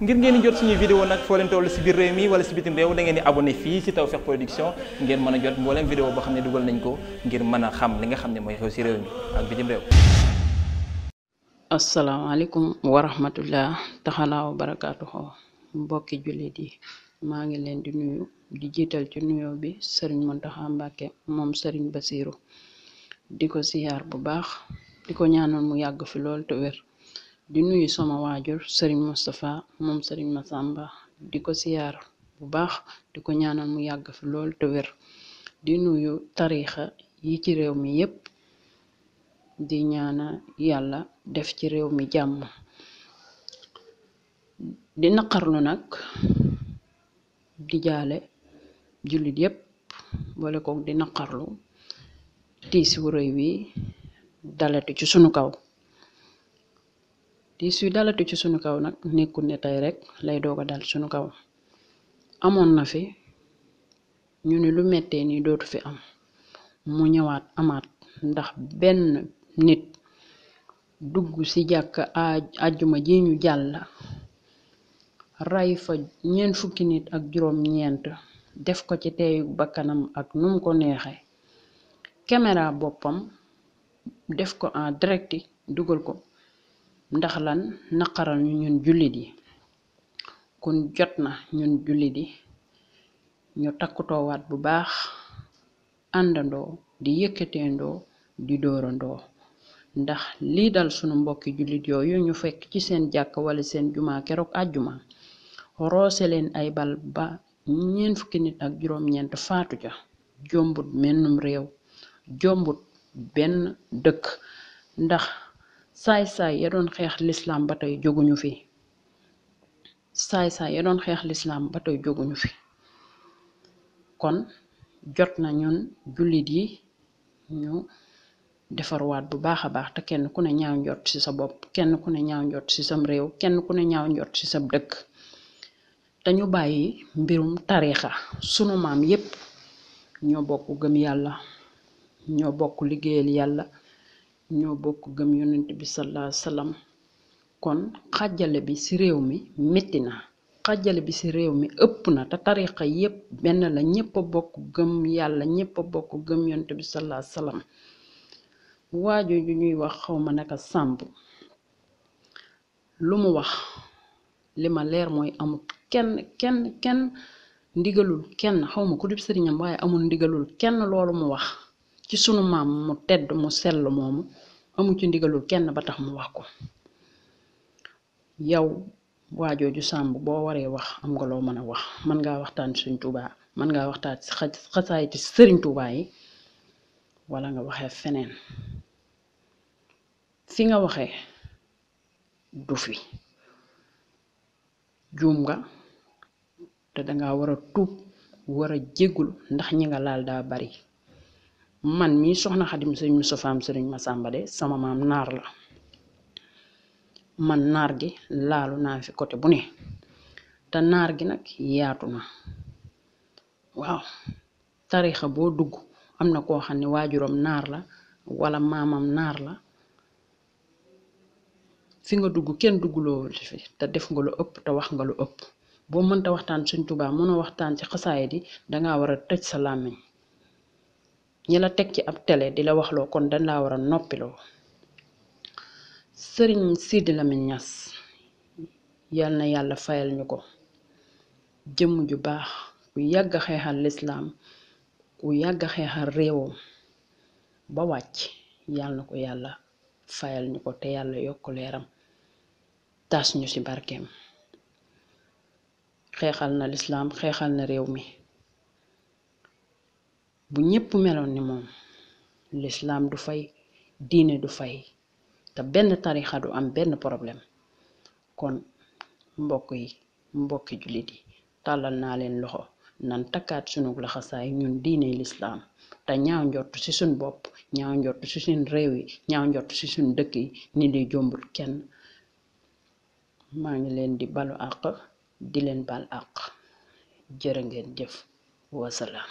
ngir ngeen di jot suñuy vidéo nag foo leen toll si biir réew mi wala si bitim réew da ngeen di abonné fii si Tawfekh Production ngeen mën a jot mbooleem vidéo boo xam ne dugal nañ ko ngir mën a xam li nga xam ne mooy xew si réew mi ak bitim réew asalaamaaleykum wa rahmatullah taxalaa wa mbokki jullit yi maa ngi leen di nuyu di jiital ci nuyoo bi sëriñ Mountakha Mbacké moom sëriñ Basiru di ko siyaar bu baax di ko ñaanal mu yàgg fi lool te wér di nuyu sama waajur sëriñ Moustapha moom sëriñ Massamba di ko siyaar bu baax di ko ñaanal mu yàgg fi lool te wér di nuyu tariixa yi ci réew mi yépp di ñaana yàlla def ci réew mi jàmm di naqarlu nag di jaale jullit yépp boole kook di naqarlu tiis wu rëy wi dalati ci sunu kaw tiis yu dalati ci suñu kaw nag nekkul ne tey rek lay doog a dal sunu kaw amoon na fi ñu ni lu mettee nii dootu fi am mu ñëwaat amaat ndax benn nit dugg ci jàkk àjjuma ji ñu jàll ray fa ñeent fukki nit ak juróom ñeent def ko ci teeyu bakkanam ak num ko neexee caméra boppam def ko en direct dugal ko ndax lan naqaral ñun jullit yi kon jot na ñun jullit yi ñu takkutoowaat bu baax àndandoo di yëkkateendoo di doorandoo ndax lii dal sunu mbokki jullit yooyu ñu fekk ci seen jàkk wala seen jumaa keroog àjjuma rose leen ay bal ba ñeent fukki nit ak juróom-ñeent faatu ca jombut mennum réew jombut benn dëkk ndax saay-saay ya doon xeex lislaam ba tey jóguñu fi saay-saay ya doon xeex lislaam ba tey jóguñu fi kon jot na ñun jullit yi ñu defarwaat bu baax a baax te kenn ku ne ñaaw njot ci sa bopp kenn ku ne ñaaw njot ci sam réew kenn ku ne ñaaw njot ci sab dëkk te ñu bàyyi mbirum tariixa sunu maam yépp ñoo bokk gëm yàlla ñoo bokk liggéeyal yàlla ñoo bokk gëm yonent bi salaa salaam kon xàjjale bi ci réew mi metti na xajale bi ci réew mi ëpp na te tarixa yépp benn la ñépp a bokk gëm yàlla ñépp bokk gëm yonent bi salaa salaam waaju ju ñuy wax xawma naka sàmb lu mu wax li ma leer mooy amul kenn kenn kenn ndigalul kenn xawma ku dib sëriñam waaye amul ndigalul kenn loolu mu wax ci sunu maam mu tedd mu sell moomu amu ci ndigalul kenn ba tax mu wax ko yow waajooju sàmb boo waree wax am nga loo mën a wax mën ngaa waxtaan suñ tubaa mën ngaa waxtaan si xasaayiti sëriñ tubaa yi wala nga waxee feneen fi nga waxee du fi juum nga te danga war a tuub war a jéggul ndax ñi nga laal daa bari man mii soxna xadim sëñ Moustapha sëriñ Massamba de sama maam naar la man naar gi laalu naa fi côté bu ne te naar gi nag yaatu na waaw tarixa boo dugg am na koo xam ne waajuram naar la wala maamam naar la fi nga dugg kenn dugguloo fi te def nga lu ëpp te wax nga lu ëpp boo mën te waxtaan suñ Tuubaa mënoo waxtaan ci xasaay di dangaa war a tëj sa làmmiñ ñi la teg ci ab tele di la waxloo kon dañ laa war a noppiloo sëriñ Sidi Lamine Niass yal na yàlla fayal ñu ko jëmm ju baax ku yàgg xeexal lislaam ku yàgg a xeexal réewam ba wàcc yal na ko yàlla fayal ñu ko te yàlla yokk leeram taas ñu ci barkeem xeexal na lislaam xeexal na réew mi bu ñépp meloon ni moom lislaam du fay diine du fay te benn tarixa du am benn problème kon mbokk yi mbokki jullit yi tàllal naa leen loxo nan takkaat sunu laxasaay ñun diine lislaam te ñaaw njott ci suñ bopp ñaaw njott ci suñ réew yi ñaaw njott ci suñ dëkk yi ni di jombul kenn maa ngi leen di balu àq di leen bal àq jërë ngeen jëf wasalaam